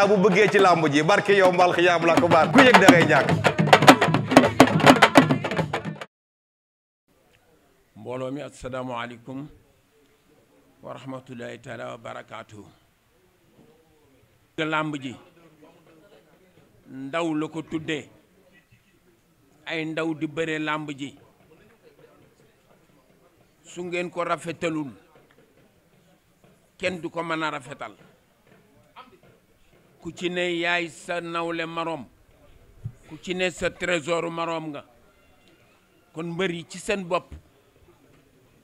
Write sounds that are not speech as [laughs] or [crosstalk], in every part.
naa bu bëggee ci làmb ji barke yow mbal xiyaam la mi asalaamaaleykum wa rahmatullahi barakaatu làmb ji ndaw la ko tuddee ay ndaw di bëre làmb ji su ngeen ko rafetalul kenn du ko mën a rafetal ku ci ne yaay sa nawle maroom ku ci ne sa trésoru maroom nga kon mbër yi ci seen bopp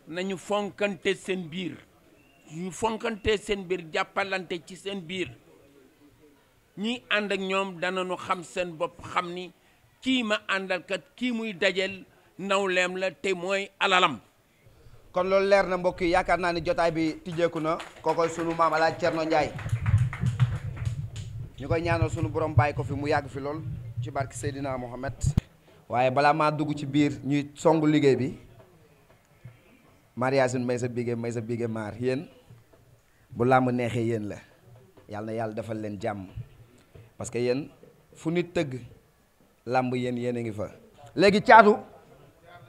nañu fonkante seen biir ñu fonkante seen biir jàppalante ci seen biir ñiy ànd ak ñoom danañu xam seen bopp xam ni kii ma àndalkat kii muy dajel nawleem la te mooy alalam kon loolu leer na mbokk yaakaar naa ni jotaay bi tijjeeku na kookoy sunu maam Alaaji Cerno Njaay ñu koy ñaanal suñu borom bàyyi ko fi mu yàgg fi lool ci barke Seydina Mohamed. waaye balaa maa dugg ci biir ñuy songu liggéey bi mariage may sa bigé may sa bigé maar yéen bu làmb neexee yéen la yàlla na yàlla defal leen jàmm parce que yéen fu nit tëgg làmb yéen yéen a ngi fa. léegi caatu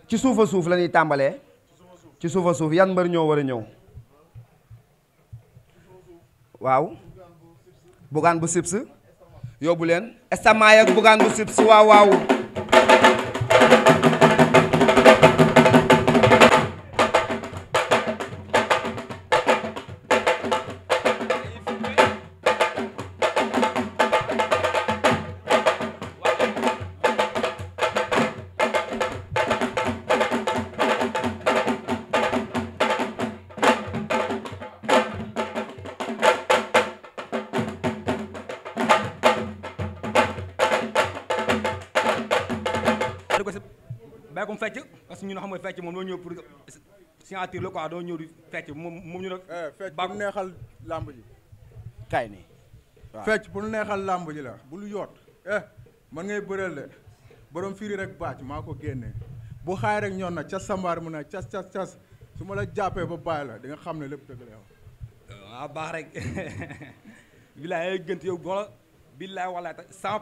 ci suufa suuf lañuy tàmbalee ci suufa suuf yan mbër ñoo war a ñëw waaw. bugaan bu sibs yóbbu leen estamaay ak bu sibs waaw waaw bàyyi ko mu fecc parce que ñun xam nga fecc moom doo ñëw pour signature la quoi doo ñëw moom moom ñu nag. Eh, fecc pour neexal làmb ji. kaay nii fecc pour neexal làmb ji la bul yoot. eh man ngay bëreel de borom firi rek bàcc maa ko génne bu xaay rek ñoon na cas sambaar mu ne cas cas cas su ma la jàppee ba bàyyi la di nga xam ne lépp dëgg la yow. waaw ah, baax rek [laughs] bilaay ay gënt yow wala bilaay walaay xam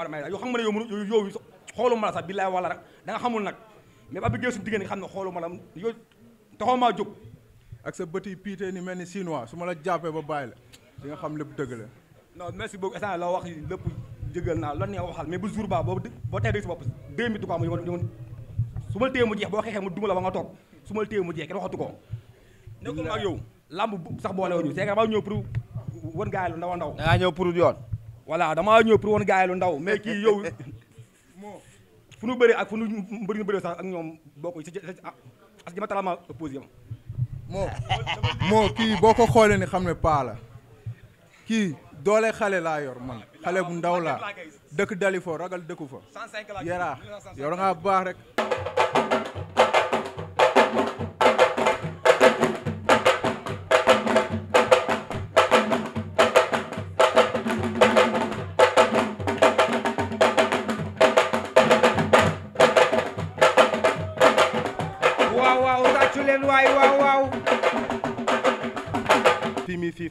ne yow yow xooluma la sax billaay wala rek da nga xamul nag mais ba bi gee suñu diggante nga xam ne xooluma la yow taxoo maa jóg ak sa bët yi piitee ni mel ni chinois su ma la jàppee ba bàyyi la di nga xam lépp dëgg la non merci beaucoup instant loo wax lépp jëgal naa lan nee waxal mais bu jour ba boo boo tey dëgg si bopp deux minutes quoi mu yoon ma téye mu jeex boo xeexee mu la ba nga toog su ma téye mu jeex waxatu ko nekkul ak yow làmb sax boole wuñu c'est que damaa ñëw pour wan gaay lu ndaw ndaw dangaa ñëw pour yoon voilà damaa ñëw pour wan gaay lu ndaw mais kii yow fu nu bëree ak fu nu mbëri ñu bëree sax ak ñoom boo ko as jima talama opposé ma moo kii boo ko xoolee ni xam ne paa la kii doole xale laa yor man xale bu ndaw laa dëkk dali Dalifort ragal dëkku fa yaraa yow da ngaa baax rek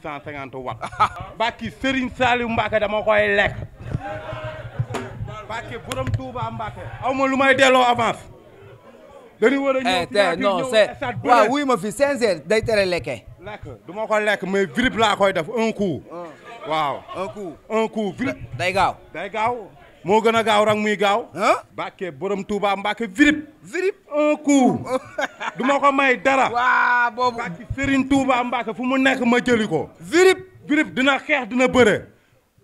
six cent cinquante watts bàkki Serigne Saliou Mbacke dama koy lekk bàkki borom Touba Mbacke aw ma lu may delloo avance dañu war a ñëw eh, non c'est waaw wuy ma fi sincère day tere lekke lekk du ma ko lekk mais virip laa koy def un coup waaw un coup un coup virip day gaaw moo gën a gaaw rang muy gaaw. Mbàkke borom Touba Mbàkke virip. virip un coup. [laughs] du ma ko may dara. waa boobu Mbàkke Serigne Touba fu mu nekk ma jëli ko. virip virip dina xeex dina bëre.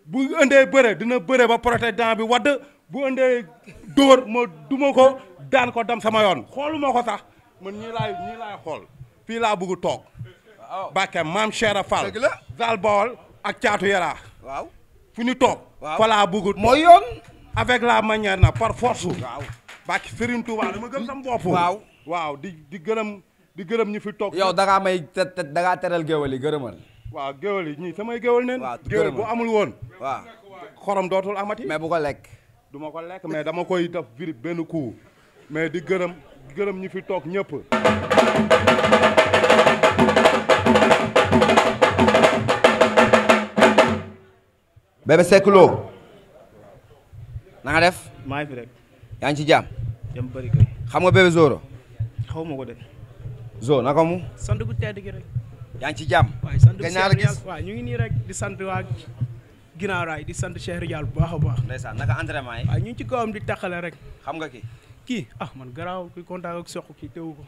bu indee bëre dina bëre ba proté dent bi wadd bu indee dóor ma duma ko daan ko dem sama yoon xooluma ko sax mën ñii laay ñii laay xool fii laa bëgg toog. waaw Mbàkke maam Cheikh Fall. la Zal Bawol ak Caatu Yaraax. waaw fu ñu toog. waaw falaa bëggut mooy yoon. avec la manière na par force. waaw bàkki Serigne Touba dama gëm sam bopp. waaw waaw di di gërëm di gërëm ñi fi toog. yow da ngaa may te da teral géwél yi gërëmal. waaw géwél yi ñii samay géwél neen. waaw géwél bu amul woon. waaw xorom dootul amati. mais bu ko lekk. duma ko lekk mais dama koy def virib benn coup mais di gërëm di gërëm ñi fi toog ñëpp. Bébé Seck Lo na nga maa ngi fi rek. yaa ci jàmm. jàmm bëri xam nga bébé Zoro. xaw ma ko de. Zo naka mu. sant bu tedd gi rek. yaa ci jàmm. waay sant waaw ñu ngi nii rek di sant waa ginnaaw raay di sant Cheikh Ridial bu baax a baax. ndeysaan naka entraînement yi. waaw ñu ngi ci kawam di taxale rek. xam nga ki kii ah man garaaw kuy kontaan ak soq kii teewu ko.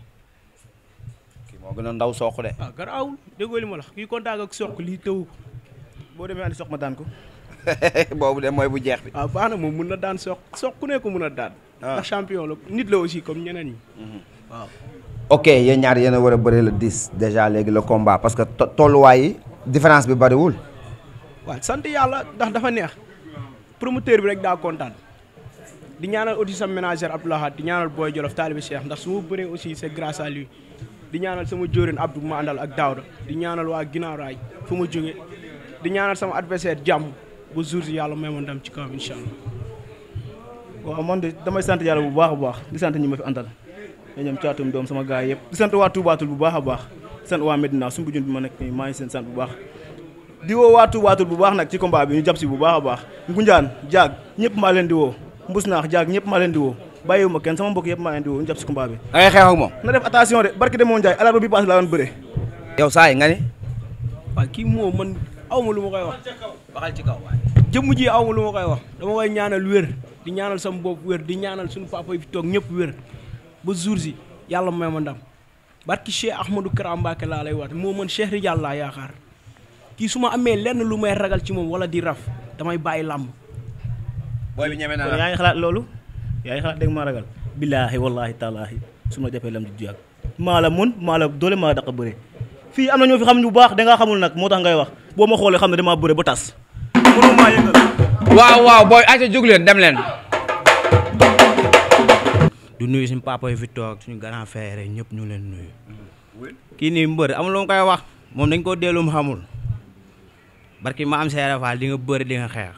moo gën a ndaw soq de. ah garaawul déggoo li ma lii teewu ko. boo demee andi soq ma daan ko. [laughs] boobu de mooy bu jeex bi. waaw ah, baax na moom mun na daan soq. soq ku ne ko mun a daan. Ah. ndax champion la nit la aussi comme ñeneen ñi. Mhm. waaw. ok yéen ñaar yéen a war a bëri le 10 déjà léegi la combat parce que tolluwaay différence bi bariwul waaw sant yàlla ndax dafa neex promoteur bi rek daa kontaan di ñaanal aussi sama ménagère Abdoulaye di ñaanal booy Jolof taalibi Cheikh ndax su ma bëree aussi c'est grâce à lui di ñaanal sama jóorin Abdou ma àndal ak Daouda di ñaanal waa Ginaaw Raay ma jógee di ñaanal sama adversaire jàmm. bu jour yi yàlla may ma ndam ci kawam incha allah. waaw man de damay sant yàlla bu baax a baax di sant ñi ma fi àndal da ñoom caatum doom sama gars yëpp di sant waa Tuubaatul bu baax a baax di sant waa Medina sumbu jun bi ma nekk nii maa ngi seen sant bu baax. di woo waa Tuubaatul bu baax nag ci combat bi ñu jàpp bu baax a baax Ngunjaan jaag ñëpp maa leen di woo mbus naax jaag ñëpp maa leen di woo bàyyiwuma kenn sama mbokk yëpp maa leen di woo ñu jàpp si combat bi. da ngay xeex ak moom. na def attention de barke de moo Ndiaye alarba bi paase laa doon aw ma lu ma koy wax ci kaw waaye jëmm ji aw ma wax dama koy ñaanal wér di ñaanal sama bopp wér di ñaanal suñu papa yi fi toog ñëpp wér ba jour si yàlla may ma ndam barki Cheikh Ahmadou Kara Mbacké laa lay waat moo man Cheikh Ridial laa yaakaar kii su ma amee lenn lu may ragal ci moom wala di raf damay bàyyi làmb booy bi ñeme naa yaa loolu yaa ngi ma ragal billaahi wallaahi taalaahi su ma jàppee lam di maa la mun maa la doole maa la daq bëre fii am na ñoo fi xam ñu baax dangaa xamul nag moo tax ngay wax boo ma xoolee xam ne damaa bëre ba tas. mënoo maa yëngal. waaw waaw booy ayca jóg leen dem leen. du nuyu suñu papa yi fi toog suñu grand frère ñëpp ñu leen nuyu. kii nii mbër amul lu koy wax moom dañ koo deelum xamul barki ma am seere faal di nga bëri di nga xeex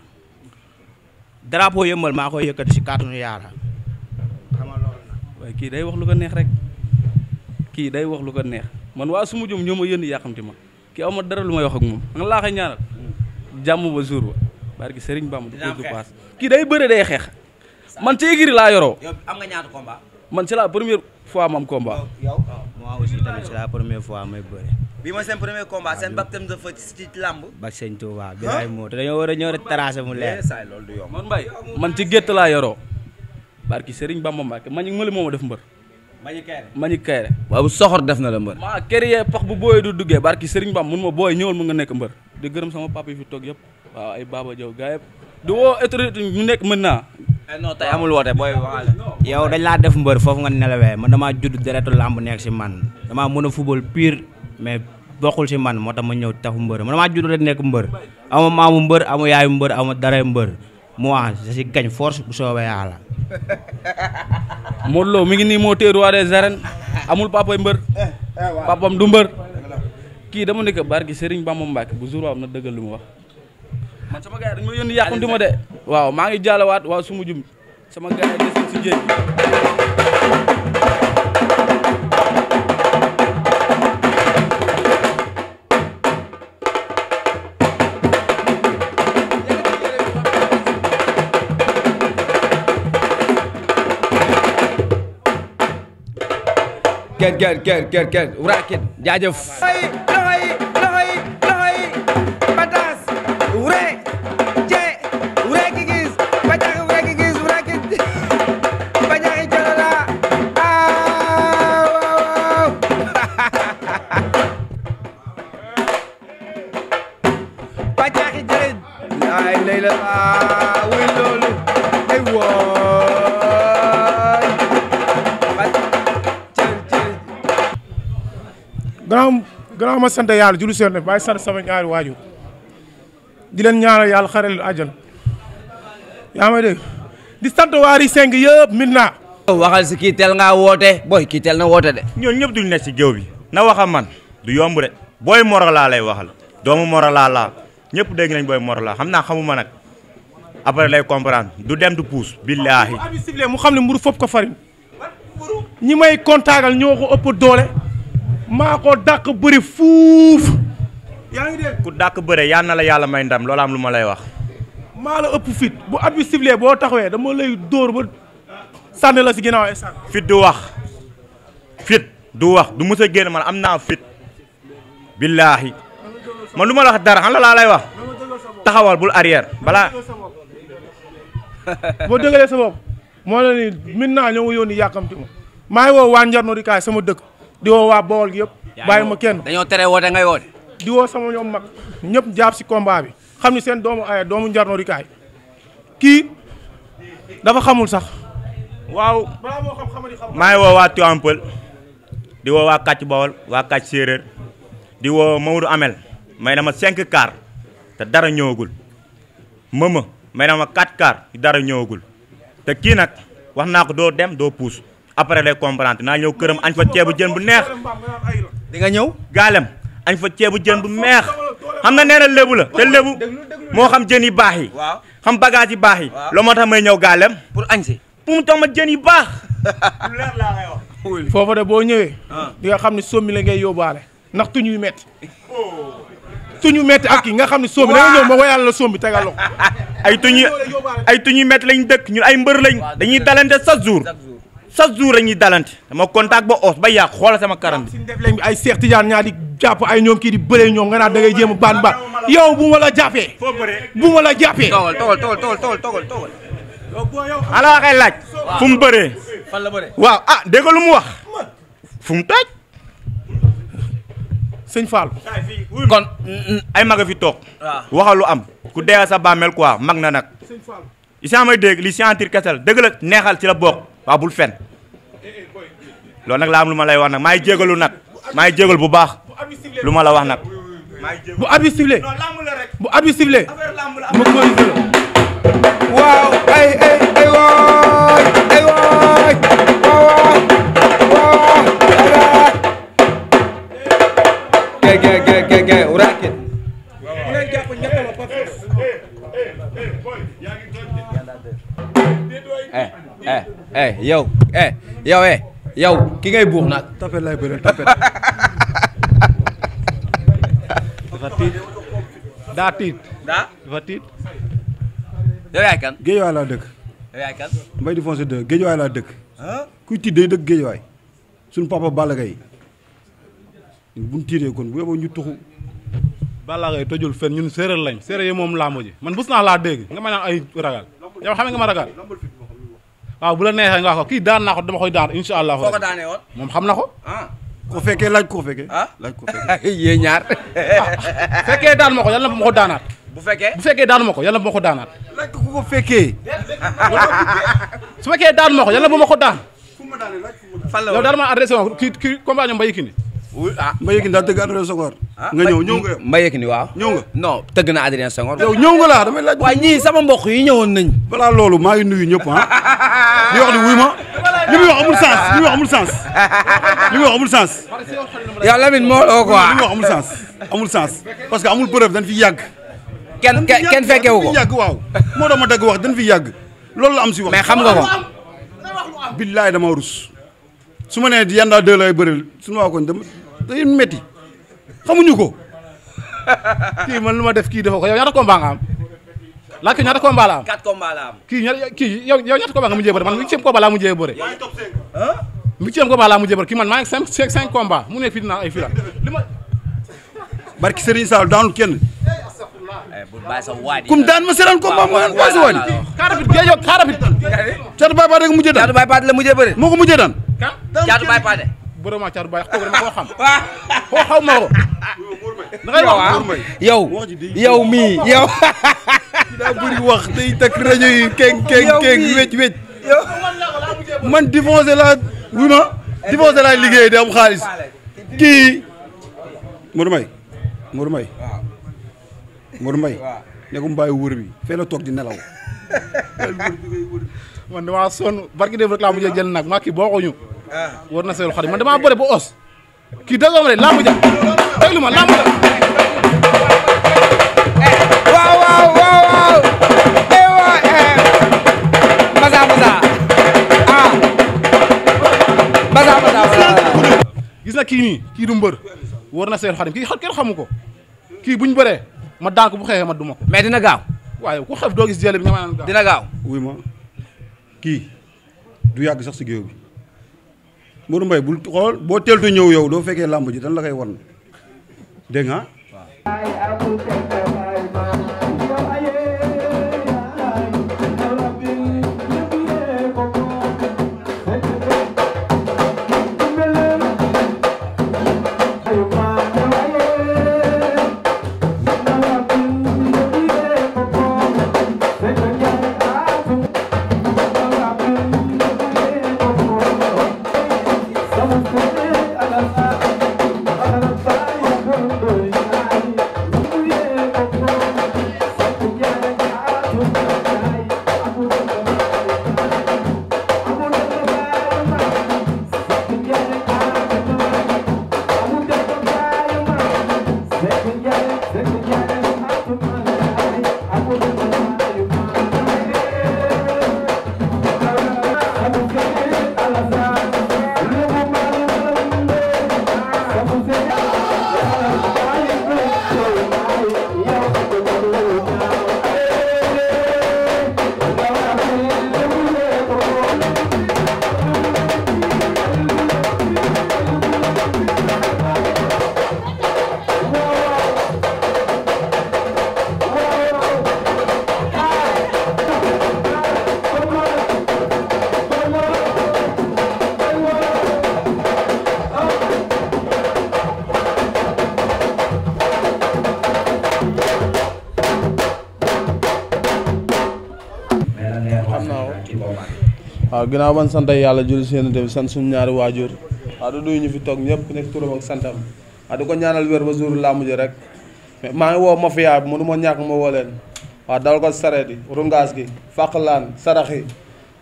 drapeau yëmbal maa koy yëkkati si kàttanu yaara xama waaye kii day wax lu ko neex rek kii day wax lu ko man waa su ma jëm ñoo ma yënd yàqamti ma kii aw ma dara lu ma wax ak moom nga laa koy ñaanal hmm. jàmm ba jour ba barki Serigne Bamba du ko paas kii day bëre day xeex man ci écurie laa yoroo yow am nga ñaata man c'est la première fois ma am combat yow oh, moi aussi tamit c'est fois may bëre bi mooy seen premier combat seen ah, baptême de feu ci lamb bak sëñ moo te dañoo war a ñëw rek tracé mu leer eh, saay loolu du yomb man man ci gétt laa yoroo barki Serigne Bamba Mbacke man ñu ma li mooma def mbër mañu kayre waaw bu soxor def na la mbër maa kër pax bu booyee du duggee barki sëriñ Bam mun ma booy ñëwal mu nga nekk mbër di gërëm sama papa yi fi toog yëpp waaw ay Baba Diaw gaa yëpp du woo autorité ñu nekk mën naa eh, non tey amul woote yow dañ laa def mbër foofu nga nelawee man damaa judd deretu làmb nekk si man damaa mën a football pire mais bokkul si man moo tax ma ñëw taxu mbër man maa judd rek nekk mbër amu maamu mbër amu yaayu mbër amu dara mbër moi je si gañ force bu soobee yàlla. [laughs] Modou Lo mi ngi nii moo téye roi des arènes amul papay mbër eh, eh, papam du mbër kii dama ne ko barki Serigne Bamba Mbacke bu jour waaw na dëggal lu mu wax. man sama gars yi dañu ma yónni yàqu ma de. waaw maa ngi jàllawaat waaw su ma jum sama gars yi des si jéeg gel gel gel gel gel raakit jaajëf ma sant yàlla julli seen def bàyyi sant sama ñaari waajur di leen ñaanal yàlla xaral leen àjjana yaa may dégg di sant waari seng yëpp mit naa waxal si kii teel ngaa woote booy kii teel na woote de ñoon ñëpp duñ ne si géew bi na wax man du yomb de booy morolaa lay waxal doomu morolaa laa ñëpp dégg nañ booy morolaa xam naa xamuma nag après lay comprendre du dem du puus billaahi mu xam ne mburu fopp ko farine ñi may kontaagal ñoo ko ëpp doole maa ko dàq bëri fuuf. ngi dégg ku dàq bëre yal na la yàlla may ndam loolu am lu ma lay wax. maa la ëpp fit bu at bi sifflé boo taxawee dama lay dóor ba sànni la si ginnaaw sànni. fit du wax fit du wax du mës a génn man am naa fit. billaahi man lu ma la wax dara xam la laa lay wax taxawal bul arrière balaa. boo dëgalee sa bopp moo la ni maintenant ñoo ngi yónni yàkkamti ma maa ngi woo waa Njarno di kaay sama dëkk. di woo waa Bawol yëpp bàyyi ma kenn dañoo tere woote ngay woote di woo sama ñoom mag ñëpp jàpp si combat bi xam ni seen doomu ay doomu njarno rikaay kii dafa xamul sax waaw maa woo waa Tivaouane Peulh di woo waa kàcc Bawol waa kàcc séeréer di woo Maodo Amel may na ma cinq car te dara ñëwagul mëma may na ma quatre car dara ñëwagul te kii nag wax naa ko doo dem doo puus après lay comprendre naa ñëw këram añ fa ceebu jën bu neex. di nga ñëw gaalem añ fa ceebu jën bu meex xam na nee na lébu la te lébu moo xam jën yi baax yi. xam bagage yi baax yi. loo moo tax ñëw gaalem. pour añ si pour mu ma jën yi baax. lu [laughs] leer laa de boo ñëwee. Ah. di nga xam ne sommi la ngay yóbbaale ndax tuñuy métti. tuñu métti ak yi nga xam ne sombi da nga ñëw ma wayal la sombi tegal la ko ay tuñu ay tuñu métti lañ dëkk ñu ay mbër lañ dañuy dalante chaque jour chaque jour la ñuy dalante dama contact ba os ba yàq xool sama karam bi. def leen ay Cheikh Tidiane ñaa di jàpp ay ñoom kii di bëree ñoom nga naan da ngay jéem a baan baan yow bu ma la jàppee. foo bëree bu ma la jàppee. toogal toogal toogal toogal toogal. ala waxee laaj. fu mu bëree. fan la bëree waaw ah dégg mu wax. fu mu taaj. sëñ Fall. kon ay mag a fi toog. waxalu am. ku dee sa bàmmeel quoi mag na nag. yaa may dégg li sentir kese la dëgg la neexal ci la bokk waaw bul fen loolu nag laa lu ma lay wax nag maa ngi jégalu nag maa ngi jégalu bu baax lu ma la wax nag. bu abi sifflé bu abi sifflé. waaw ay ay waaw. eh eh, eh yow eh yow ki ngay buux nag. [laughs] tapet lay bëre tapet. dafa tiit daa tiit. daa dafa tiit. yow yaay kan. géejuwaay laa dëkk. yow yaay kan. Mbaye di foncé de géejuwaay laa dëkk. kuy tiit day dëkk géejuwaay. suñu papa Balla Gaye bu ñu tiiree kon bu yóbboo ñu tuxu. Balla Gaye tojul fen ñun séeréer lañ séeréer yi moom laa mujj man bus naa laa dégg nga ma naan ay ragal yow xam nga ma ragal. waaw bu la neexee nga ko kii daan naa dama koy daan incha allah. foo ko moom xam na ko. Ah. ko fekkee laaj ko fekkee. ah laaj ko fekkee [laughs] ñaar. [laughs] fekkee daan ma ko yàlla na ma ko daanaat. bu fekkee bu fekkee daan ma ko yàlla na ma ko daanaat. laaj ko ku ko fekkee. [laughs] su fekkee daan ma ko yàlla na ma ko daan. fan la woon yow daal ma adressé kii kii compagnon ba Yékini oui ah Mbaye Yékini daa tëgg Adrien Senghor. Ah. nga ñëw ñëw nga Mbaye Yékini waaw. ñëw nga non tëgg na Adrien Senghor. yow ñëw nga laa damay laaj. waaye ñii sama mbokk yi ñëwoon nañ balaa loolu maa ngi nuyu ñëpp ah. di wax ni wuy ma li muy wax amul sens li muy wax amul sens. li muy wax amul sens. yow Lamine moo loo quoi li muy wax amul sens. parce que amul preuve dañ fi yàgg. ken kenn fekke ko yàgg waaw. moo tax dagg wax dañ fi yàgg. lool la am si wax mais xam nga ko. billaay dama rus. su ma nee Yanda 2 lay bëreel suñu waa da ngeen métti xamuñu ko [laughs] kii man lu ma def kii dafa ko yow ñaata combat nga am laaj ko ñaata combat la am. 4 combat la am. kii ñaata kii yow yow ñaata combat nga mujjee bëre man huitième combat laa mujjee bëre. huitième combat laa mujjee bëre kii man maa ngi cinq cinq combat mu ne fii dinaa ay fii la li ma. barki Serigne Sall daanul kenn. Eh, bul bàyyi sa waay di. comme daan ma seraan combat mu daan bàyyi sa waay di. kaarapit géej yow kaarapit. Caatu Baay Paate la mujjee daan. Caatu Baay Paate la mujjee bëre. moo ko mujjee daan. Caatu Baay Paate. borom Achaar Baye kooku dama koo xam. [laughs] koo xaw ma ko. da ngay wax Mor Mbaye yow yow mii yow. [laughs] daa bëri wax day takk rajo yi keeng keeng keeng wécc wécc. man défoncé laa wu ma défoncé laa liggéey di am xaalis kii. Mor Mbaye. Mor Mbaye. waaw Mor ne ko mbàyyi wër bi fee toog di nelaw. [laughs] man damaa sonn barki def rek laa mujjee jël nag maa kii boo ñu. Ah. war na Seydou Khadim man damaa bëre ba os kii dëggoo ma de làmb ja déglu ma làmb ja eh, waaw waaw waaw waaw eh waaw eh baza baza ah baza baza baza gis na kii nii kii du mbër war na Seydou Khadim kii kenn xamu ko kii buñ bëree ma daan ko bu xeexee ma duma ko mais dina gaaw waaye ku xeex doo gis jële bi nga ma naan gaaw dina gaaw wuy ma kii du yàgg sax si géew bi Modou Mbaye bul xool boo teeltu ñëw yow doo fekkee làmb ji dan la koy wan dégg ginnaaw ban sant yàlla julli si yéen sant suñu ñaari waajur waaw du nuyu ñu fi toog ñëpp ku nekk turam ak santam waaw di ko ma ñàkk ma woo leen waaw dawal ko sareet yi rungaas gi fàqlaan sarax yi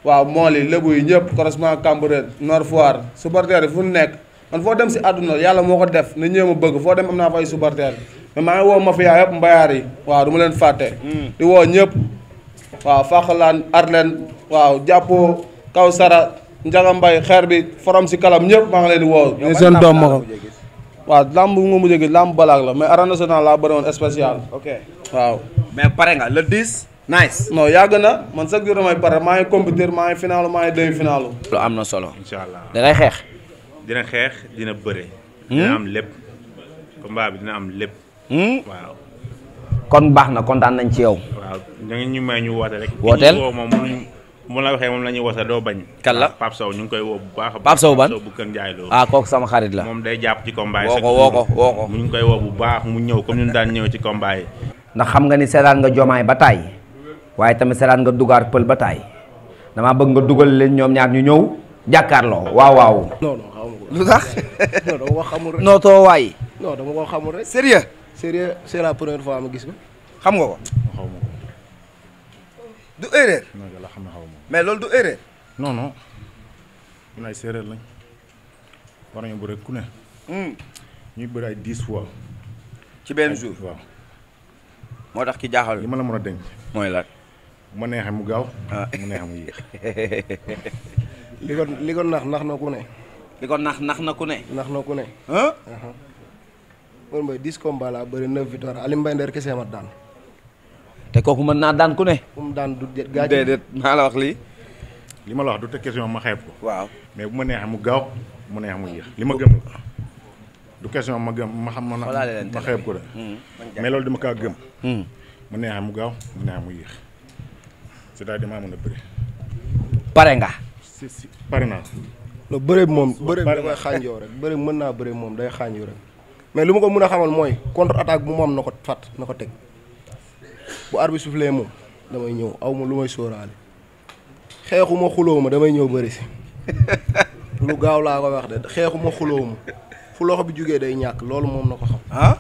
waaw mool yi lébu yi ñëpp correspondant Cambérène Nord Foire supporters na ñëw ma bëgg foo dem am naa fay supporters mais maa ngi woo mafia yëpp mbayaar yi waaw du ma leen fàtte mm. di woo ñëpp waaw fàqlaan arleen jàppoo kaw sara njaga mbay xeer bi forom si kalam ñëpp maa ngi leen di woo ñu seen doom ma ko waaw lamb bu nga mujj gi lamb balaag la mais arène nationale laa bëri woon spécial ok waaw mais pare nga le 10 nice non yàgg na man chaque jour damay pare maa ngi compétir maa ngi finaalu maa ngi demi finaalu lu am na solo incha allah dangay xeex dina xeex dina bëre hmm? dina am lépp bi dina am lépp hmm? kon baax na kontaan nañ ci yow waaw da ñu may ñu woote rek wooteel mu la waxee moom la ñuy wasa doo bañ. kan la ah, Pape Sow ñu ngi koy woo bu baax a. Pape Sow ban ah, sama xarit la moom day jàpp ci combat yi. woo ko woo ko woo ko koy woo bu baax mu ñëw comme ñu daan ñëw ci combat yi. ndax xam nga ni seetaan nga jomaay ba taay waaye tamit seetaan nga dugaar pël ba taay damaa bëgg nga dugal leen ñoom ñaar ñu ñëw jàkkaarloo waaw waaw. non non xamu ko lu tax. non dama ko xamul rek non too waay. non la première fois ma gis ko. xam nga ko. xaw du erreur. mais loolu du erreur. non non ñun ay séeréer lañ war nañu bëre ku ne. Hmm. ñuy bëri ay dix fois. ci benn jour waaw. moo tax ki jaaxal li ma la mën a denc. mooy lan. ma neexee mu gaaw. mu ah. neexee mu yéex. [laughs] li ko li ko nax nax na ku ne. li ko nax nax na ku ne. nax na ku ne. ah. kon mooy dix combats laa bëri neuf victoire Aliou Mbaye Nder kese ma daan. te kooku mën naa daan ku ne. fu mu daan du gaañ. déedéet maa la wax lii. li ma la wax du te question ma xeeb ko. waaw mais bu ma neexee mu gaaw mu neex mu yéex li ma gëm la du question ma gëm ma xam ma. ma xeeb ko de. Hmm. mais loolu dama kaa gëm. Hmm. mu neexee mu gaaw mu neexee mu yéex c'est-à-dire maa mën a bëri. pare nga. si si pare naa. loolu bëre bi moom bëre bi dafay xaanjoo rek bëre bi mën naa bëre moom day xaanjoo rek mais li ma ko mën a xamal mooy contre attaque bu mu am na ko fàtt na ko teg. bu arbitre soufflé moom damay ñëw aw ma lu may sóoraale xeexuma xuloo ma damay ñëw bëri si [laughs] lu gaaw laa ko wax de xeexuma xuloo ma fu loxo bi jógee day ñàkk loolu moom na ko xam. Ah?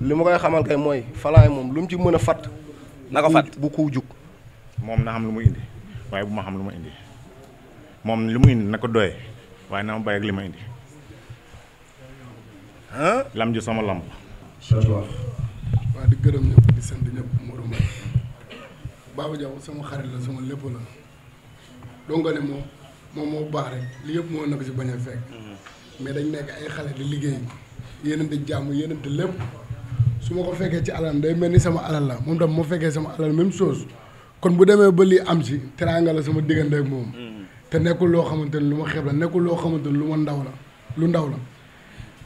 li ma koy xamal kay mooy falaay moom lu mu ci mën a fat na ko fat bu ku jug. moom na xam lu mu indi waaye bu ma xam lu ma indi moom li mu indi na ko doyee waaye na ma bàyyi ak li ma indi. Ah? lam ji sama làmp waaw di gërëm Baba Diaw sama xarit la sama lépp la dongale moom moom moo baax rek li yëpp moo nag si bañ a fekk mm-hmm. mais dañ nekk ay xale di liggéey di jàmm yéenante lépp su ma ko fekkee ci alal day mel ni sama alal la moom tam moo fekkee sama alal même chose kon bu demee ba lii am si teraanga la sama diggante ak moom mm-hmm. te nekkul loo xamante ni lu ma xeeb la nekkul loo xamante ni lu ma ndaw la lu ndaw la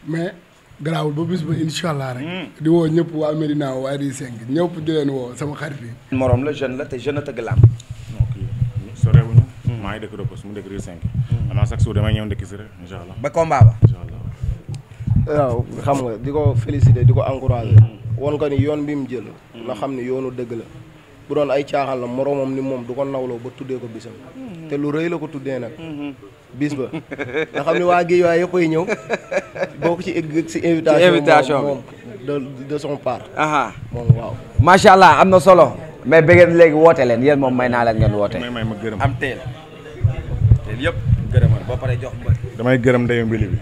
mais garaawul ba bis ba incha allah rek. Hmm. di woo ñëpp waa Medina waa Riz 5 ñëpp di leen woo sama xarit yi. morom la jeune la te jeune a tëgg maa ngi dëkk Ropos mu dëkk Riz 5. amaa chaque jour damay ñëw ndekki ba combat ba. waaw xam nga di ko féliciter di ko encourager. Hmm. won ko ni yoon bi mu jël. Hmm. na xam ni yoonu dëgg la. bu doon ay caaxaan la moromam ni moom du ko nawloo ba tuddee ko bisam. te lu rëy la ko tuddee nag. Mm-hmm. bis ba nga xam ne waa Guèye waaye yëpp ay ñëw bokk ci ci invitation moom de de son moom waaw. macha allah am na solo. mais bëgg léegi woote leen yéen moom may naa leen ngeen woote. may may ma gërëm am teel. teel jox damay gërëm ndeyu mbili bi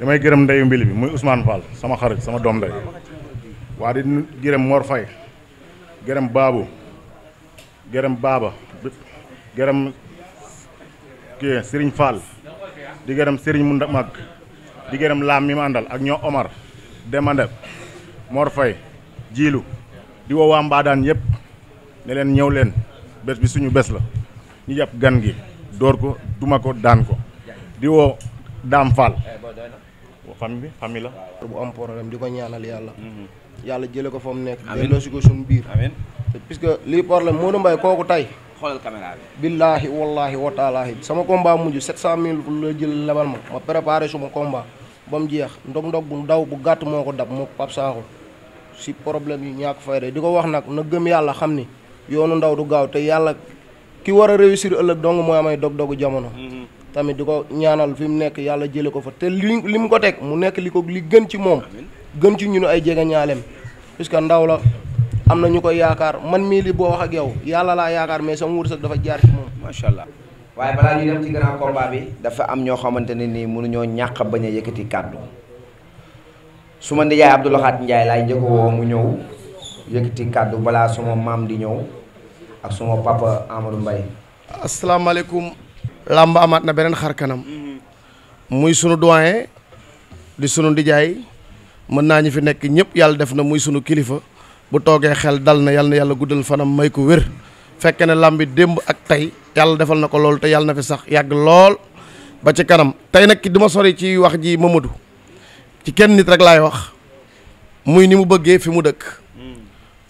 damay gërëm ndeyu mbili bi muy usmaan Fall sama xarit sama doom ndey waa di gërëm Mor Faye gërëm Babou gërëm Baba. gërëm kii Serigne Fall di gërëm Serigne Munda Mag di gërëm laam mi ma ak ñoo Omar Demande Mor jiilu di woo waa Mbaadaan yëpp ne leen ñëw leen bés bi suñu bés la ñu jàpp gan gi dóor ko duma ko daan ko di woo Daam Fall famille la bu am problème di ko ñaanal yàlla mhm. yàlla jële ko fa mu nekk delloo si ko suñu biir kooku tey xoolal caméra bi. billaahi wallaahi wa taalaahi sama combat mujj 700000 la jël lebal ma ma préparé suma combat ba mu jeex ndog-ndog bu ndaw bu gàtt moo ko dab moo ko Pape si problème yu ñàkk fayda di ko wax nag na gëm yàlla xam ni yoonu ndaw du gaaw te yàlla ki war a réussir ëllëg dong mooy amay dog-dogu jamono. Mm-hmm. tamit di ko ñaanal fi nekk yàlla jëlee ko fa te li li mu ko teg mu nekk li ko li gën ci moom. gën ci ñun ay jege ñaaleem puisque ndaw la. am na ñu ko yaakaar man mii lii boo wax ak yow yàlla laa yaakaar mais sama wërsëg dafa jaar ci moom macha allah waaye balaa ñu dem ci grand combat bi dafa am ñoo xamante ne nii mënuñoo ñàq bañ a yëkkati kàddu su ma nijaay Abdou Lahat Ndiaye lay njëkk woo mu ñëw yëkkati kàddu balaa suma maam di ñëw ak suma papa Amadou Mbaye asalaamaaleykum làmb amaat na beneen xar kanam mm-hmm. muy sunu doyen di sunu nijaay mën naa ñu fi nekk ñëpp yàlla def na muy sunu kilifa bu toogee xel dal na yàlla na yàlla guddal fanam may ko wér fekke ne làmbi démb ak tey yàlla defal na ko loolu te yàlla na fi sax yàgg lool ba ci kanam tey nag ki duma sori ci wax ji Mamadou ci kenn nit rek laay wax muy ni mu bëggee fi mu dëkk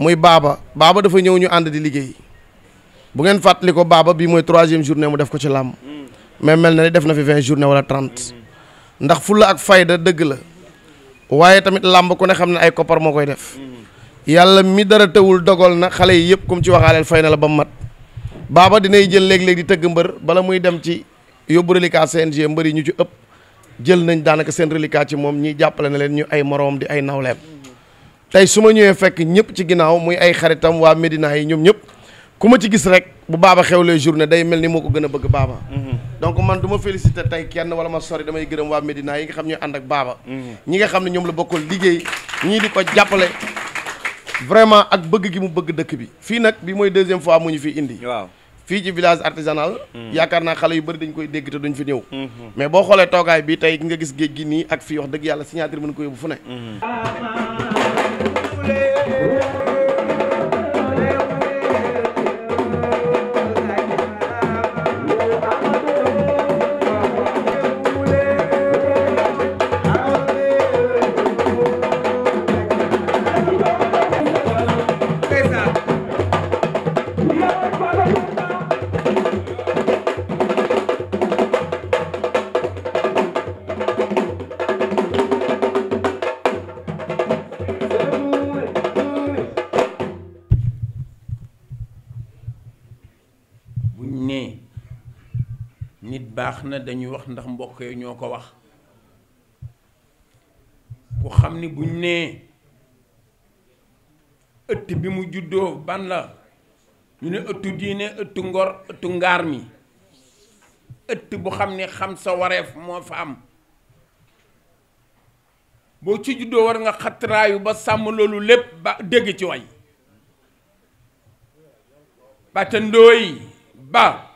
muy baaba baaba dafa ñëw ñu ànd di liggéey bu ngeen fàttali ko baaba bi mooy troisième journée mu def ko ci làmb mais mel na ni def na fi vingt journée wala trente ndax fulla ak fayda dëgg la waaye tamit làmb ku ne xam ne ay koppar moo koy def yàlla mi dara tawul dogal na xale yi yëpp comme ci waxaaleel fay na la ba mat baaba dinay jël léeg-léeg di tëgg mbër bala muy dem ci yóbbu reliquat CNG mbër yi ñu ci ëpp jël nañ daanaka seen reliquat ci moom ñi jàppale na leen ñu ay moroom di ay nawleem tey su ma ñëwee fekk ñëpp ci ginnaaw muy ay xaritam waa Médina yi ñoom ñëpp ku ma ci gis rek bu baaba xewlee journée day mel ni moo ko gën a bëgg baaba mhm. donc man du ma tey kenn wala ma sori damay gërëm waa Médina yi nga xam ñooy ànd ak baaba mhm. nga xam ne ñoom la bokkal liggéey ñii jàppale vraiment ak bëgg gi mu bëgg dëkk bi fii nag bi mooy deuxième fois mu ñu fi indi waaw fii ci village artisanal hmm. yaakaar naa xale yu bari dañ koy dégg te duñ fi ñëw hmm. mais boo xoolee toogaay bi tey nga gis géej gi nii ak fii wax dëgg yàlla signature mën ko yóbbu fu ne hmm. ne dañuy wax ndax mbokk ñoo ko wax ku xam ni buñ nee ëtt bi mu juddoo ban la ñu ne ëttu diine ëttu ngor ëttu ngaar mi ëtt bu xam ni xam sa wareef moo fa am boo ci juddoo war nga xattaraayu ba sàmm loolu lépp ba dégg ci way batandooy ba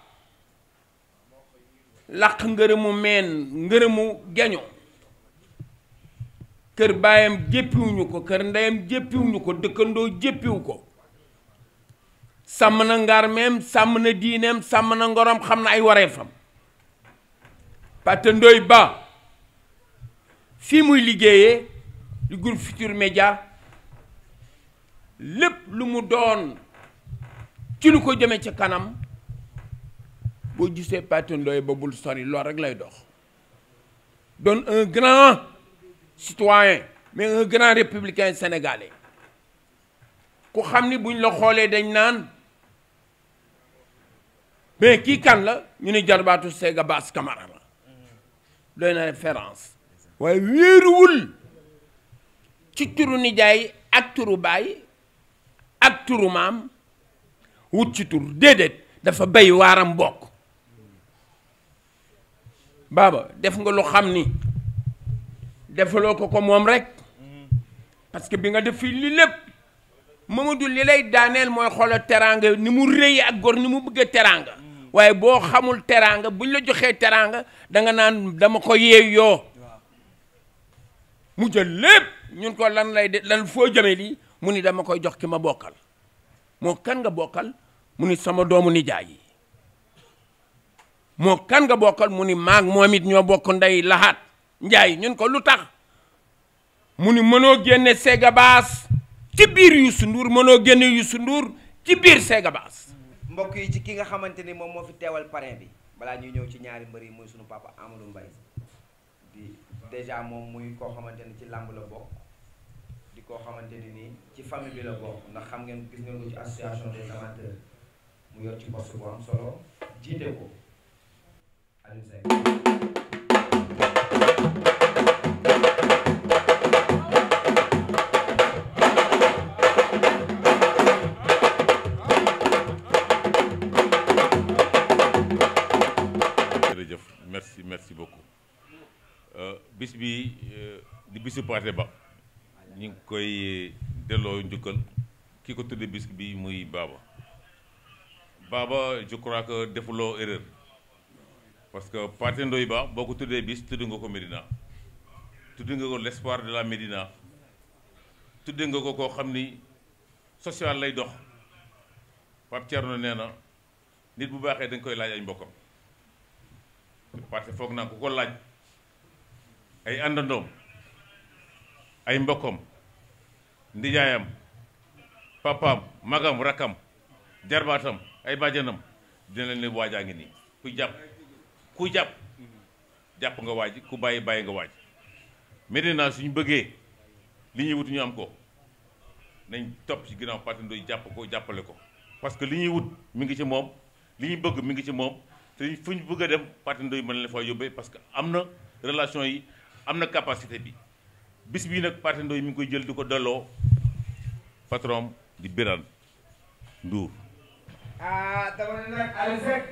làq ngërëmu meen ngërëmu geño kër baayam jéppiwuñu ko kër ndeyam jéppiwuñu ko dëkkandoo jéppiwu ko sàmm na ngarmeem sàmm na diineem sàmm na ngorom xam na ay wareefam pàtte ndoy ba fii muy liggéeyee di groupe Futur Média lépp lu mu doon ci lu ko jëme ca kanam boo gisee patindooy ba bul sori lool rek lay dox doon un grand citoyen mais un grand républicain sénégalais ku xam ni buñ la xoolee dañ naan mais kii kan la ñu ne jarbaatu Sega Bass Camara la doy na référence waaye wéeruwul ci turu nijaay ak turu baay ak turu maam wut ci tur déedéet dafa bay waaram bokk baaba def nga lu xam ni defaloo ko ko moom rek parce que bi nga def fii li lépp Mamadou li lay daaneel mooy xoolal teraanga ni mu rëy ak góor ni mu bëgg teraanga waaye boo xamul teraanga buñ la joxee teraanga danga naan dama ko yeew yoo mu jël lépp ñun ko lan lay de lan foo jëme lii mu ni dama koy jox ki ma bokkal moo kan nga bokkal mu ni sama doomu nijaay yi moo kan nga bokkal mu ni maag moom it ñoo bokk ndey laxaat njaay ñun ko lu tax mu ni mënoo génne Sega Bass ci biir Youssou Ndour mënoo génne Youssou Ndour ci biir Sega Bass mbokk yi ci ki nga xamante ni moom moo fi teewal parrain bi balaa ñuy ñëw ci ñaari mbër yi muy sunu papa Amadou mbay di déjà moom muy koo xamante ni ci làmb la bokk di koo xamante ni nii ci famille bi la bokk ndax xam ngeen gis ngeen ko ci association des amateurs mu yor ci poste bu am ko jëf merci merci beaucoup euh, bis bi euh, di bisu Pathé Ba ñu ngi koy delloo njukkal ki ko tudde bis bi muy Baba Baba je crois que defuloo erreur parce que Pathé Ndoye Ba boo ko tuddee bis tudd nga ko Médina tudd nga ko l'espoir de la Médina tudd nga ko koo xam ni social lay dox Pape na nee na nit bu baaxee dañ koy laaj ay mbokkam Pathé foog naa ku ko laaj ay àndandoom ay mbokkam ndijaayam papaam magam rakkam jarbaatam ay bàjjanam dina leen waajaa ngi nii ku jàpp jàpp nga waaj ku bàyyi bàyyi nga waaj su ñu bëggee li ñuy wut ñu am ko nañ topp ci ginnaaw Pape Ndoye jàpp ko jàppale ko parce que li ñuy wut mi ngi ci moom li ñuy bëgg mi ngi ci moom te fu ñu bëgg a dem Pape Ndoye mën la fa yóbbee parce que am na relation yi am na capacité bi bis bii nag Pape Ndoye mi ngi koy jël di ko delloo patron di Birane Ndour ah dama ne nag Aliou Seck.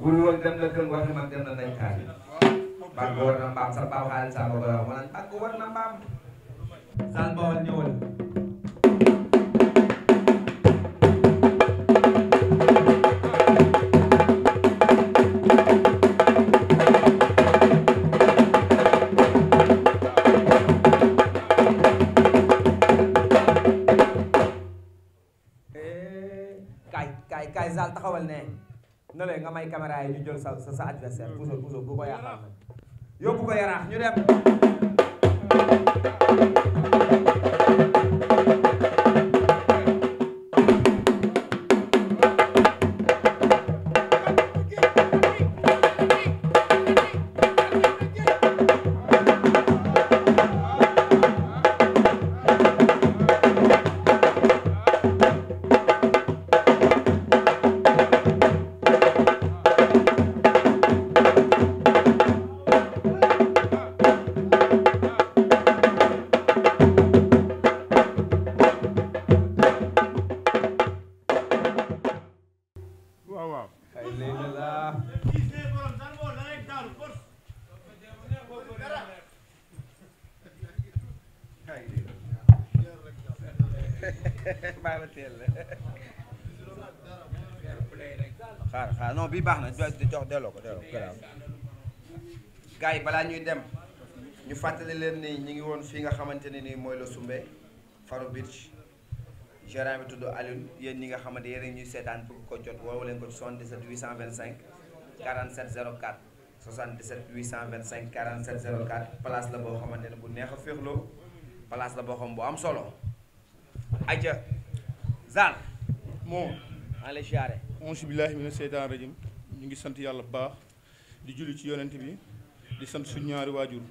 bu dul woon dem na kër wax man dem na nañ kaay. bàgg war na mbaam sax baaw xaalis saa ba balaa ma naan bàgg war na mbaam. Sall Bawal ñëwal. jël sa sa adversaire puso puso bu ko xaar xaar non bii baax na jox delloo ko delloo ko gars yi balaa ñuy dem ñu fàttali leen ni ñu ngi woon fii nga xamante ne nii mooy la Sumbe Faro Beach gérant bi tudd Alioune yéen ñi nga xamante yéen ñu seetaan pour ko jot woowu leen ko 77 cent 47 cinq 77 825 47 04 place la boo xamante ne bu neex a féexloo place la boo xam bu am solo. Aja moo maa lay siyaare onge billaahi rajim ñu ngi sant yàlla bu baax di julli ci yonent bi di sant suñu ñaari waajur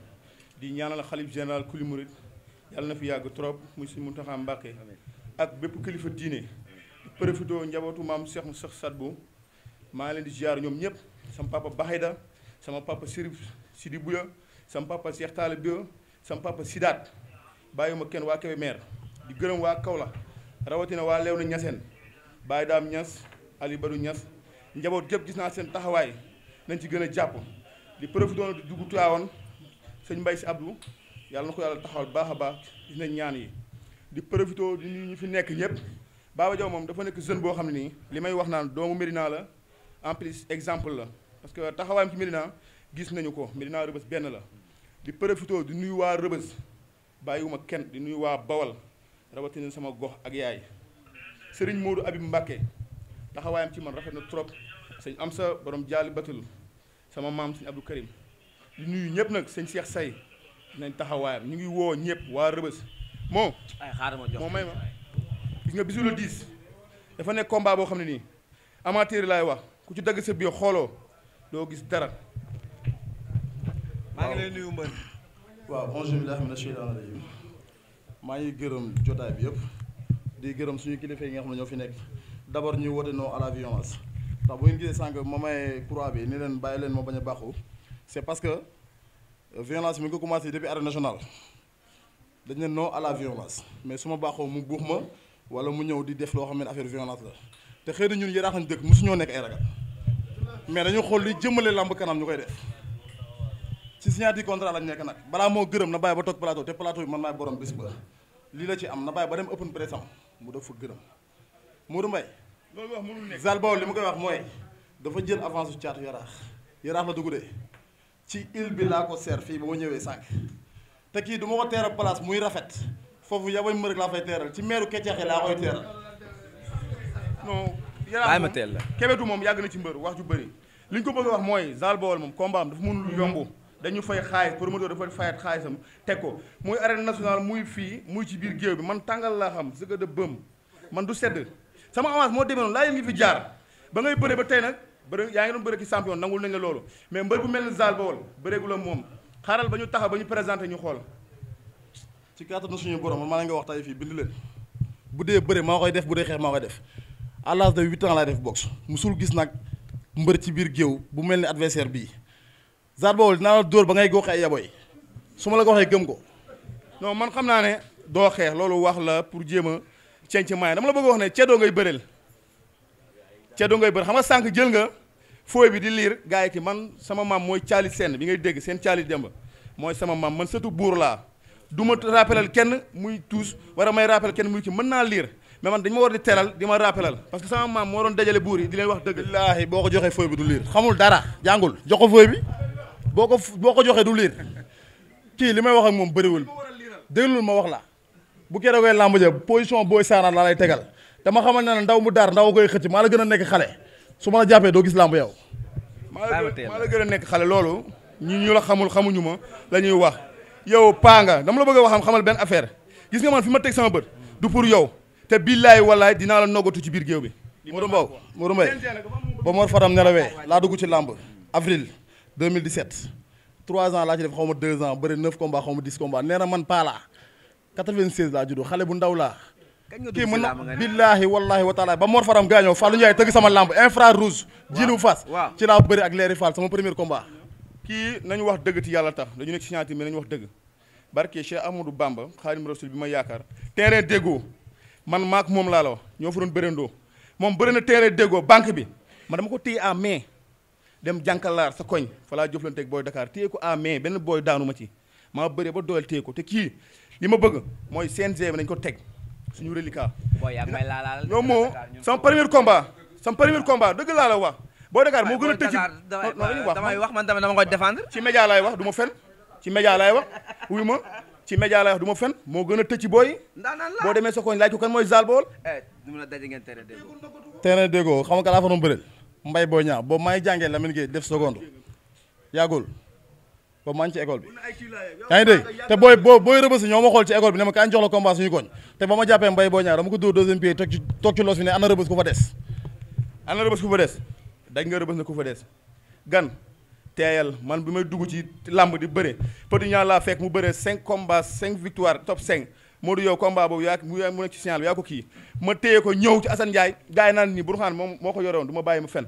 di ñaanal xalif général kuli murit yàlla na fi yàgg trop mu muy suñu Muntaxa Mbàkke ak bépp kilifa diine di profité njabootu maam Cheikh mu Cheikh Sadbu maa ngi leen di ziar ñoom ñëpp sama papa Baxayda sama papa Sirif Sidi Buya sama papa seex Talla Buya sama papa Sidaat bàyyi ma kenn waa Kébémer di gërëm waa Kaolack rawatina waa Léona Niassène Baye Dame ñas Ali Badou Niass njaboot jëpp gis naa seen taxawaay nañ ci gën a jàpp di profité di dugg Tiwaawan sëñ Mbaye si Abdou yàlla na ko yàlla taxawal baax a baax gis ñaan yi di profité di nuyu ñu fi nekk ñëpp Baba Diaw moom dafa nekk jeune boo xam ne nii li may wax naan doomu Médina la en plus exemple la parce que taxawaayam ci Médina gis nañu ko Médina Rëbës benn la di profité di nuyu waa Rëbës bàyyiwuma kenn di nuyu waa Bawal rawatina sama gox ak yaay sëriñ Modou Abib Mbacke taxawaayam ci man rafet na trop sëñ Amsa borom jaali batul sama maam sëñ Abdou Karim di nuyu ñëpp nag sëñ seex Say nañ taxawaayam ñu ngi woo ñëpp waa Rëbës moo. ay xaaral ma jox moo may ma gis nga bisu le dafa nekk combat boo xam ne nii amateur laay wax ku ci dagg sa biir xooloo doo gis dara. maa ngi lay nuyu mbër. waaw bonjour billahi mina shaytaani rajim maa ngi gërëm jotaay bi yëpp. di gërëm suñu kilifa yi nga xam ne ñoo fi nekk d' abord ñuy woote non à la violence ndax bu ngeen gisee sànq ma may croix bi ni leen bàyyi leen ma bañ a baaxu c' est parce que euh, violence mi ngi ko commencé depuis arène national dañ ne non à violence mais su ma baaxoo mu buux ma wala mu ñëw di def loo xam ne affaire violence la te xëy na ñun yaraax nañ dëkk mosuñoo nekk ay ragal mais dañu xool li jëmale làmb kanam ñu koy def ci signature contrat lañ nekk nag balaa moo gërëm na ba toog plateau te plateau man maay borom lii la ci na bàyyi ba dem ëppun presse mu def fa gërëm Modou Mbaye loolu wax mënul nekk Zal li ma koy wax mooy dafa jël avance su caatu yaraax yaraax la dugg de ci île bi laa ko seer fii ba ma ñëwee sànq te kii du ko teeral place muy rafet foofu yabay mërëg laa fay teeral ci meeru kecceex yi laa koy teeral non yaraax ma teel la kebetu moom yàgg na ci mbër wax ju bëri li ñu ko bëgg a wax mooy Zal Baol moom combat dafa mënul yombu dañu fay xaalis promoteur dafa fayat xaalisam teg ko muy arène nationale muy fii muy ci biir géew bi man tàngal laa xam sëgg da bëm man du sedd sama avance moo demee noonu laa ngi fi jaar ba ngay bëre ba tey nag bëre yaa ngi doon bëre ki champion nangul nañ la loolu mais mbër bu mel ni Zal Baol bëreegu la moom xaaral ba ñu taxaw ba ñu présenté ñu xool ci kàttanu suñu borom man maa ngi wax tey fii bind leen bu dee bëre maa koy def bu dee xeex maa koy def à l'âge de huit ans laay def musul gis nag mbër ci biir géew bu mel ni adversaire bii Zar Baol dinaa la dóor ba ngay gox ay yaboy su ma la ko waxee gëm ko non man xam naa ne doo xeex loolu wax la pour jéem a ceeñ ci maay dama la bëgg wax ne ceddoo ngay bëreel ceddoo ngay bëreel xam nga sànq jël nga fooy bi di liir gars yi ki man sama maam mooy caali seen bi ngay dégg seen caali demb mooy sama maam man surtout buur laa du ma rappelal kenn muy tuus a may rappel kenn muy ci mën naa liir mais man dañ ma war di teral di ma rappelal parce que sama maam moo doon dajale buur yi di leen wax dëgg. billaahi boo joxee fooy bi du liir xamul dara jàngul jox ko fooy bi. boo ko boo ko joxee du liir kii li may wax ak moom bëriwul déglul ma wax la bu keroogee làmb ja position booy saanaan laa lay tegal dama xamal ne ndaw mu daar ndaw koy xëcc maa la gën a nekk xale su ma la jàppee doo gis làmb yow. maa la gën a nekk xale loolu ñu ñu la xamul xamuñu ma lañuy wax yow paa nga dama la bëgg waxam xamal benn affaire gis nga man fi ma teg sama bët du pour yow te billaay wallaay dinaa la noggatu ci biir géew bi. Modou Mbow Modou Mbaye ba Mor Fadam nelawee laa dugg ci làmb avril. 2017 3 ans laa ci def xaw ma 2 ans bëri 9 combats xaw ma 10 combats nee man paa laa 96 laa juddoo xale bu ndaw laa. kii mën na billaahi wallaahi wa taala ba Mor Faram gaañoo Fallou Ndiaye tëgg sama lamb infra rouge. waaw jiilu ci laa bëri ak leeri Fall sama premier combat. kii nañu wax dëgg ci yàlla tax dañu nekk ci ñaati mais nañu wax dëgg barke Cheikh Amadou Bamba Xaadimu Rasuul bi ma yaakaar. terrain déggoo man maak moom laa la wax ñoo fa doon bërendoo moom bëri na terrain déggoo banque bi man dama ko téye à main dem jànkalaar sa koñ fa laa jëflanteeg booy Dakar téye ko à main benn booy daanu ma ci maa bëree ba doyal téye ko te kii li ma bëgg mooy CNG bi nañ ko teg suñu reliquat. booy yaa may laalaal ñoom moo sama premier combat sama premier ah. combat dëgg laa la wax. booy Dakar moo gën a tëj damay wax man dama koy défendre. ci média laay wax du ma fen ci média laay wax wuyu ma ci du ma fen moo gën a tëj booy. boo demee sa koñ laaj ko kan mooy Zal Baol. Eh, terrain déggoo terrain déggoo xam nga laa fa doon bëreel mbay boo ñaa boobu may jàngee Lamine Gueye def seconde yàggul boobu maa ngi ci école bi yaa ngi dégg te booy boo booy rëbës ñoo ma xool ci école bi ne ma kañ jox la combat suñu koñ te ba ma jàppee mbay boo ñaa dama ko dóor deuxième pied toog ci toog ci loos bi ne ana rëbës ku fa des na rëbës ku fa des dañ nga rëbës ne ku fa des gan teeyal man bi may dugg ci làmb di bëre Petit Niang laa fekk mu bëre cinq combats cinq victoires top cinq Modou yow combat boobu yaa mu nekk ci signal yaa ko kii ma téye ko ñëw ci Assane Ndiaye ni Burxaan moom moo ko yore du ma bàyyi ma fen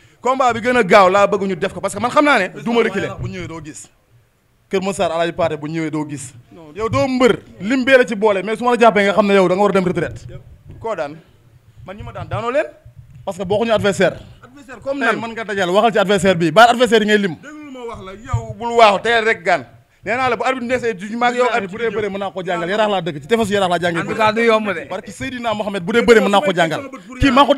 combat bi gën a gaaw laa bëgg ñu def ko parce que man xam naa ne du ma reculer bu ñëwee doo gis Kër Massar Alaaji Paate bu ñëwee doo gis yow doo mbër lim bee la ci boole mais su ma la jàppee nga xam ne yow da nga war a dem retraite koo daan man nga dajal waxal ci adversaire bi baal adversaire yi ngay lim déglu ma wax la rek gaan nee la bu arbitre ndese ju maag yow arbitre bu dee bëre mën naa ko jàngal bu dee bëre mën naa ko jàngal kii maa ko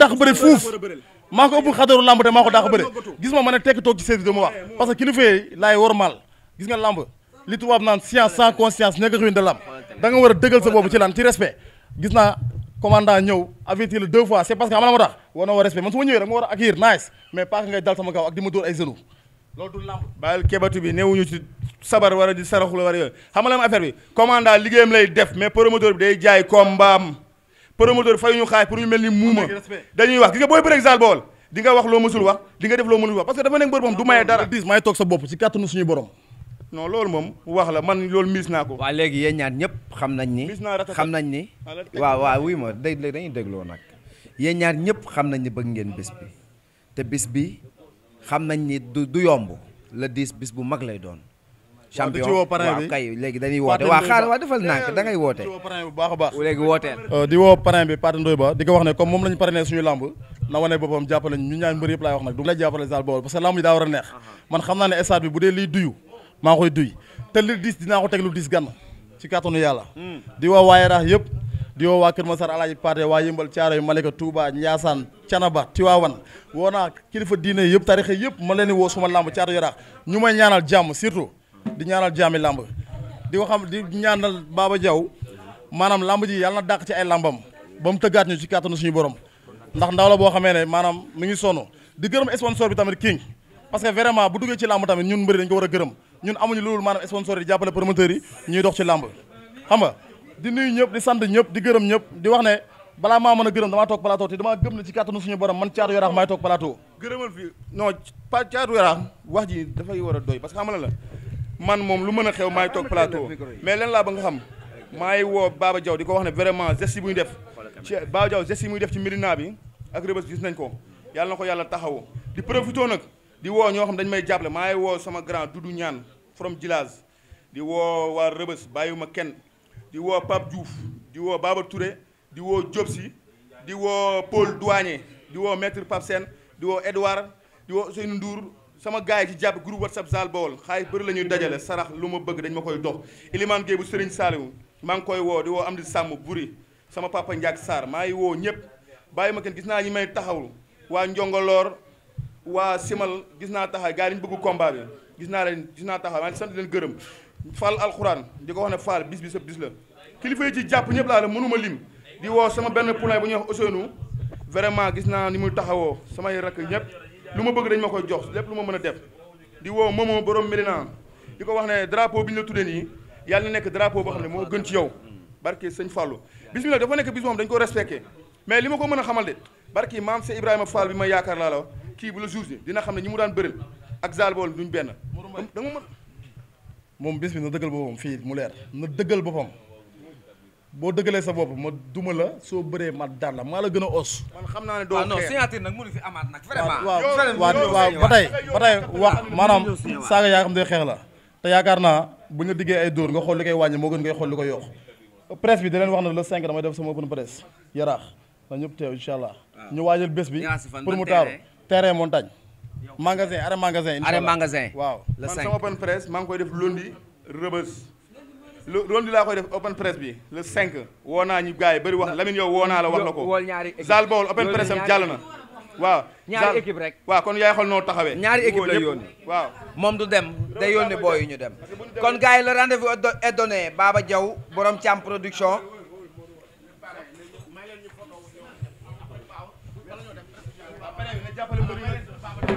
maa ko ëpp xadaru lamb te maa ko daa ko bëre gis ma ma ne tekk toog ci séeréer bi wax eh, parce que kilifa yi laay wormaal gis nga lamb li tubaab naan science sans conscience nekk ruine de lamb da nga war a dëggal sa boobu ci lan ci respect gis naa commandant ñëw avertir le deux fois c'est parce que xam na ma tax war war respect man su ñëwee da nga war a accueillir nice mais pas que ngay dal sama kaw ak di ma dóor ay genoux loolu kebatu bi newuñu ci sabar promoteur fay ñu xaay pour ñu mel ni muuma dañuy wax gis nga booy bëre Zal Baol di nga wax loo mësul wax di nga def loo mënul wax parce que dafa nekk mbër moom du maye dara dis maay toog sa bopp ci kàttanu suñu borom loolu moom wax la man loolu miis naa ko waaw léegi yéen ñaar ñëpp xam nañ ni xam nañ ni waaw waaw wuy ma dégg dañuy dégloo nag yéen ñaar ñëpp xam nañ ni bëgg ngeen bis bi te bis bi xam nañ ni du yomb la diis bis bu mag lay doon champion waaw kay léegi dañuy woote waaw xaaral waaw defal eh, nànk da ngay woote. bu baax a baax euh, woo parrain bi Pathé Ndoye Ba di ko wax ne comme moom lañu parrainé suñu làmb na wane boppam jàppale ñu ñaan mbër yëpp laay wax nag du la jàppale saal a neex uh-huh. man xam naa ne stade bi bu dee liy duyu maa koy duy te li dis dinaa ko teg lu dis gann ci kàttanu yàlla hmm. di woo waa Yaraax yëpp di woo waa Kër Masar Alaaji Pathé waa Yëmbal Caaroy Malika Touba Ndiassane Canaba Tiwaawan woo naa kilifa diine yëpp tarixe yëpp ma leen di woo suma làmb caatu Yaraax ñu may ñaanal jàmm surtout di ñaanal jaami làmb di ko xam di ñaanal Baba Diaw maanaam làmb ji yàlla na dàq ci ay làmbam ba mu tëggaat ñu ci kàttanu suñu borom ndax ndaw la boo xamee ne maanaam mi ngi sonn di gërëm sponsor bi tamit kii parce que vraiment bu duggee ci làmb tamit ñun mbëri dañ ko war a gërëm ñun amuñu loolu maanaam sponsor yi jàppale promoteurs yi ñuy dox ci làmb xam nga di nuyu ñëpp di sant ñëpp di gërëm ñëpp di wax ne balaa maa mën a gërëm damaa toog plateau te damaa gëm ne ci suñu borom man caatu yaraax maay toog plateau gërëmal fii non pas caatu yaraax wax ji parce que xam la man moom lu mën a xew maay toog plateau mais leen laa ba nga xam maay woo Baba Diaw di ko wax ne vraiment geste yi muy def ci Baba Diaw geste yi muy def ci Médina bi ak Rebeuss gis nañ ko yàlla na ko yàlla taxawu di profité nag di woo ñoo xam dañu may jàppale maay woo sama grand Doudou ñaan from Djilas di woo waa Rebeuss ma kenn di woo Pape Diouf di woo Baba Touré di woo Diop Sy di woo Paul Douanier di woo maître Pape Sène di woo Edouard di woo Ousseynou Ndour sama gars yi ci jàpp groupe whatsapp Zal Baol xaalis bëri la ñuy dajale sarax lu ma bëgg dañ ma koy dox Ilimane Gueye bu Serigne Saliou maa ngi koy woo di woo am di sàmm buri sama papa Ndiak saar maa ngi woo ñëpp bàyyi ma kenn gis naa ñi may taxawul waa Njongoloor waa Simal gis naa taxaw gars yi ñu bëgg combat gis naa leen gis naa taxaw maa ngi sant leen gërëm Fall alxuraan di ko wax ne Fall bis bi sa bis la kilifa yi ci jàpp ñëpp laa la mënuma lim di woo sama benn poulain bu ñuy wax Ousseynou vraiment gis naa ni muy taxawoo samay rakk ñëpp lu ma bëgg dañ ma koy jox lépp lu ma mën a def di woo moomoo borom Médina di ko wax ne drapo bi ñu la tuddee nii yàlla na nekk drapeau boo xam ne moo gën ci yow barke sëñ Fallou bis mi dafa nekk bis moom dañ ko respecté mais li ma ko mën a xamal de barke maam Cheikh Ibrahima Fall bi ma yaakaar laa kii bu la juge dina xam ne ñi mu daan bëril ak zaal bool duñ benn da nga mën moom bis bi na dëggal boppam fii mu leer na dëggal boppam boo dëggalee sa bopp ma duma la soo bëree ma daan la maa la gën a os. xam naa ne doo ah non signature nag mënu fi amaat nag vraiment waaw waaw ba tey wax maanaam saaga yaa xam ne xeex la te yaakaar naa bu ñu diggee ay dóor nga xool li koy wàññi moo gën ngay xool li ko yokk presse bi di wax na la 5 damay def sama open presse yaraax na ñëpp teew incha allah ah. ñu waajal bés bi pour mu taaru terrain montagne magasin arrêt magasin arrêt magasin waaw le 5 man maa ngi koy def lundi rëbës loolu di laa koy def open press bi le 5 woo naa ñu gars yi bëri wax Lamine yow woo naa la wax la ko Zal Baol open press am jàll na waaw ñaari équipe rek waaw kon yaay xool noo taxawee ñaari équipe lay yónni moom du dem day yónni booy ñu dem kon gars yi le rendez-vous est donné Baba Diaw borom Thiam production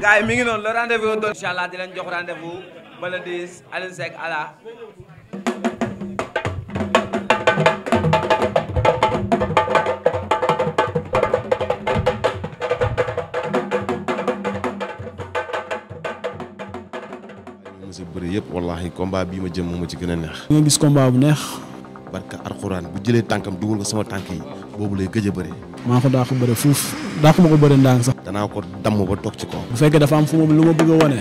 gars yi mi ngi noonu la rendez-vous est donné incha allah di leen jox rendez-vous ba le 10 bëre yëpp wallaahi combat bii ma jëm moo ma ci gën a neex. nga gis combat bu neex. barka alxuraan bu jëlee tànkam dugal ko sama tànk yi boobu lay gëj a bëre. maa ko daa bëre fuuf daa ko bëre ndànk sax. danaa ko damm ba toog ci kaw. bu fekkee dafa am fu mu lu ma bëgg a wane.